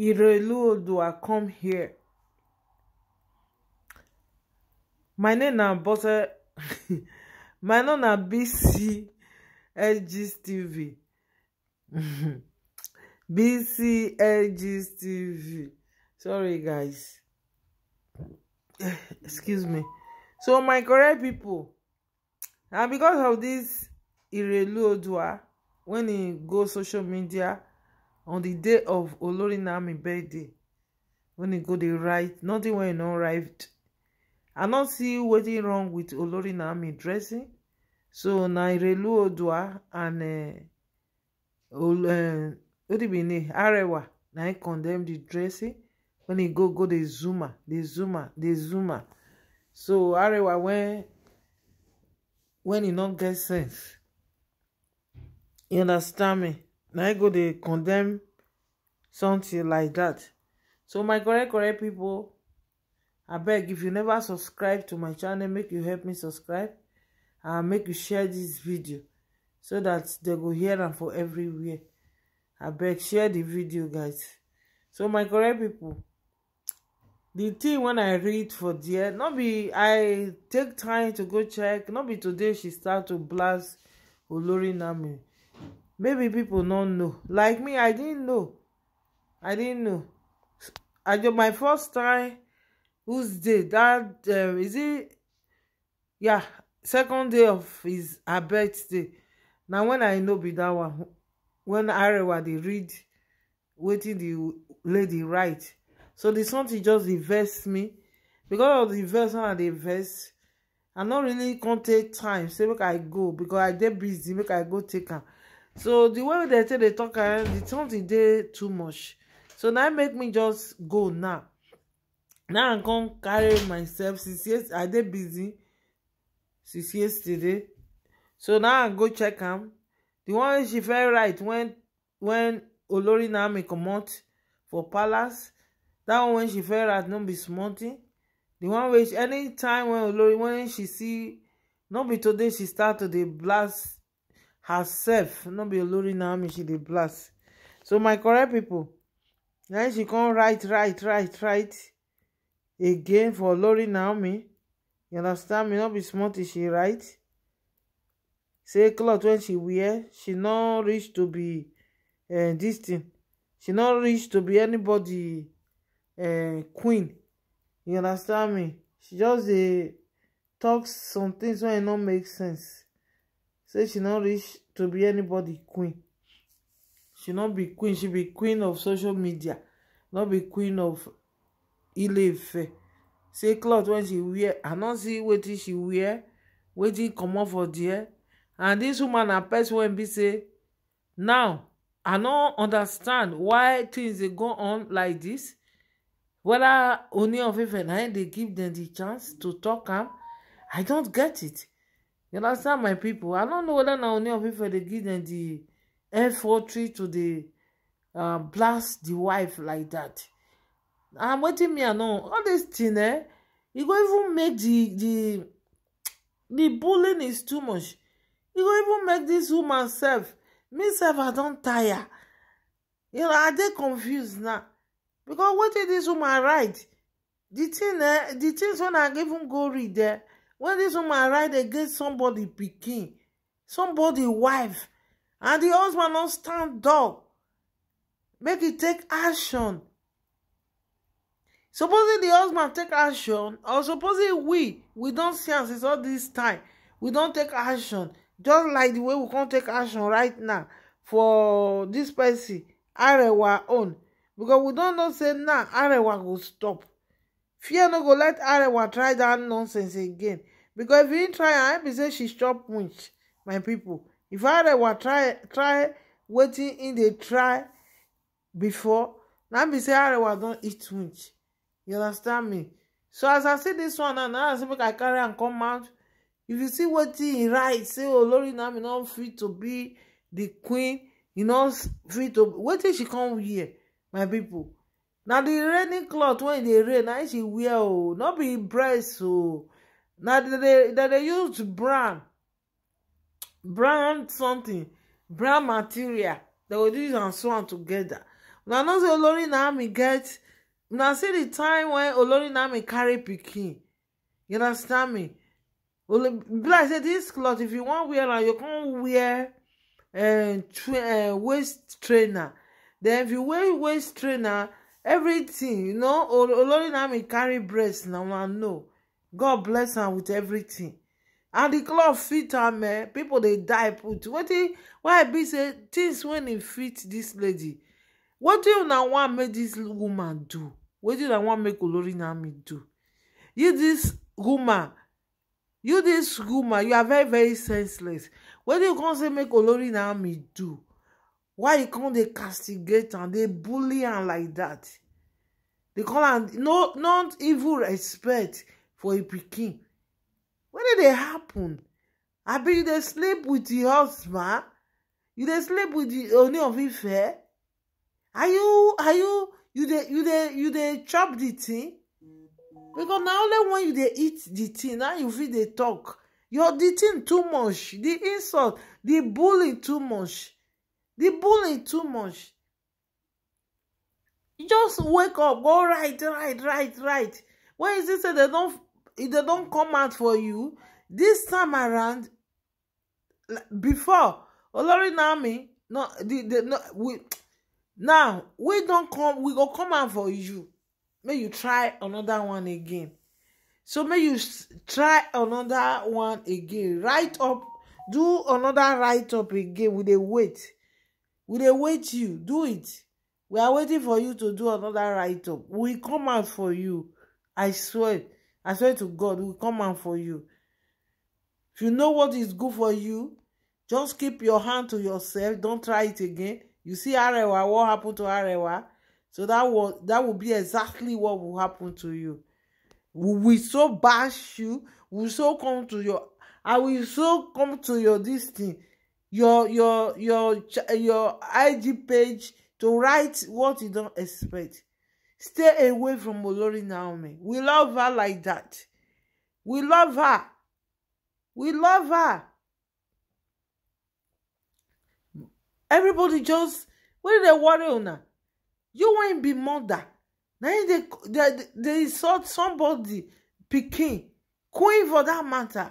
Irelu Odua come here. My name na Bose my name na BC LGs TV. BC LGs TV. Sorry guys. Excuse me. So my correct people, and because of this Irelu Odua ah, when he goes social media on the day of olori naomi birthday when e go dey write nothing wey e no write i no see wetin wrong with olori naomi dressing so na irelu odua and eh, Ol eh, odibini eh, arewa na im condemn the dressing When he go go the zuma the zuma the zuma so arewa when when he not get sense you understand me na i e go dey condemn something like that. so my correct correct pipo abeg if you never subscribe to my channel make you help me subscribe and make you share this video so that they go hear am for everywhere abeg share the video guys so my correct people, the thing when i read for there not be i take time to go check Not be today she start to blast olori maybe people don't know like me i didn't know i didn't know i just my first try whose day that um, is it yeah second day of his her birthday Now when i know be that one when arewa dey read waiting the lady write so the something just invest me because of the vex and the dey I'm not really come take time say make i go because i dey busy make i go take her so the way they dem say dey tok am di something dey too much so na make me just go now now I'm gonna carry myself since yes i dey busy since yesterday so now i go check am The one she felt right wen when olori now naomi comot for palace That one when she felt write no be smarting. The di one wey anytime when olori when she see not be today she start to dey blast herself no be olori naomi she dey blast so my correct people, na she come write write write write again for olori naomi you understand me no be small thing she write say cloth wey she wear she no reach to be eh, dis thing she no reach to be anybody uh, queen you understand me she just dey talk some things wey e no make sense say she not reach to be anybody queen she not be queen she be queen of social media not be queen of ileife say cloth when she wear i not see wetin she wear wetin comot for there and this woman na person wey be say now i no understand why things dey go on like this. whether oni of ife na I they give them the chance to talk am i don't get it you understand my people? i don't know whether now only of pipo dey give dem di effortry to dey um, blast the wife like that. I'm waiting me i know all dis tin eh e go even make the the the bullying is too much e go even make this woman self. me sef i don't tire you know i dey confused now Because what did this woman write The eh, the things when i even go read there eh, When this woman ride against somebody picking, somebody wife and the husband no stand up make it take action supposing the husband take action or supposing we we don't see us since all this time we don't take action just like the way we can't take action right now for this person arewa own because we don't know say now arewa go stop fear no go let arewa try that nonsense again because if you try I be say she chop winch my people. if I arewa try try wetin im dey try before na be say arewa don eat winch you understand me so as i see this one now na i say make i carry am come out if you see wetin e write say olori oh, me no fit to be the queen e no fit to wetin she come wear my people. na the raining cloth wey e dey rain na she wear o oh. no be breast o oh na they they they use brand, brand something brand material they go use and sew am together una know say olori naomi get una see the time when olori naomi carry pikin you understand me be like say dis cloth if you wan wear am you con wear eh, eh, waist trainer then if you wear waist trainer everything you know olori naomi carry breast na una know god bless her with everything and the club fit her man. People they die put what he why be say things when he fit this lady What do you una want make this woman do What wetin una want make olori naomi do you this woman you this woman you are very very senseless What do you come say make olori naomi do why you come they castigate and they bully her like that? They call her no not evil respect for a pikin wetin dey happen abi you dey sleep with the husband you dey sleep with the Ooni of Ife are you are you you dey you dey you dey chop the thing because na only when you dey eat the thing na you fit dey talk your the thing too much the insult the bully too much the bully too much you just wake up go right right right right when you see say they don if they don't come out for you this time around before olori naomi no the the no we now we don come we go come out for you May you try another one again so may you try another one again write up do another write up again we dey wait we dey wait you do it we are waiting for you to do another write up we come out for you i swear I swear to God, we come out for you. If you know what is good for you, just keep your hand to yourself. Don't try it again. You see Arewa, what happened to Arewa? So that will that will be exactly what will happen to you. We will so bash you. We will so come to your. I will so come to your this thing, your your your your IG page to write what you don't expect. Stay away from Olori Naomi. We love her like that. We love her. We love her. Everybody just, what did they worry on her? You won't be mother. Now they, they, they insult somebody, picking, queen for that matter.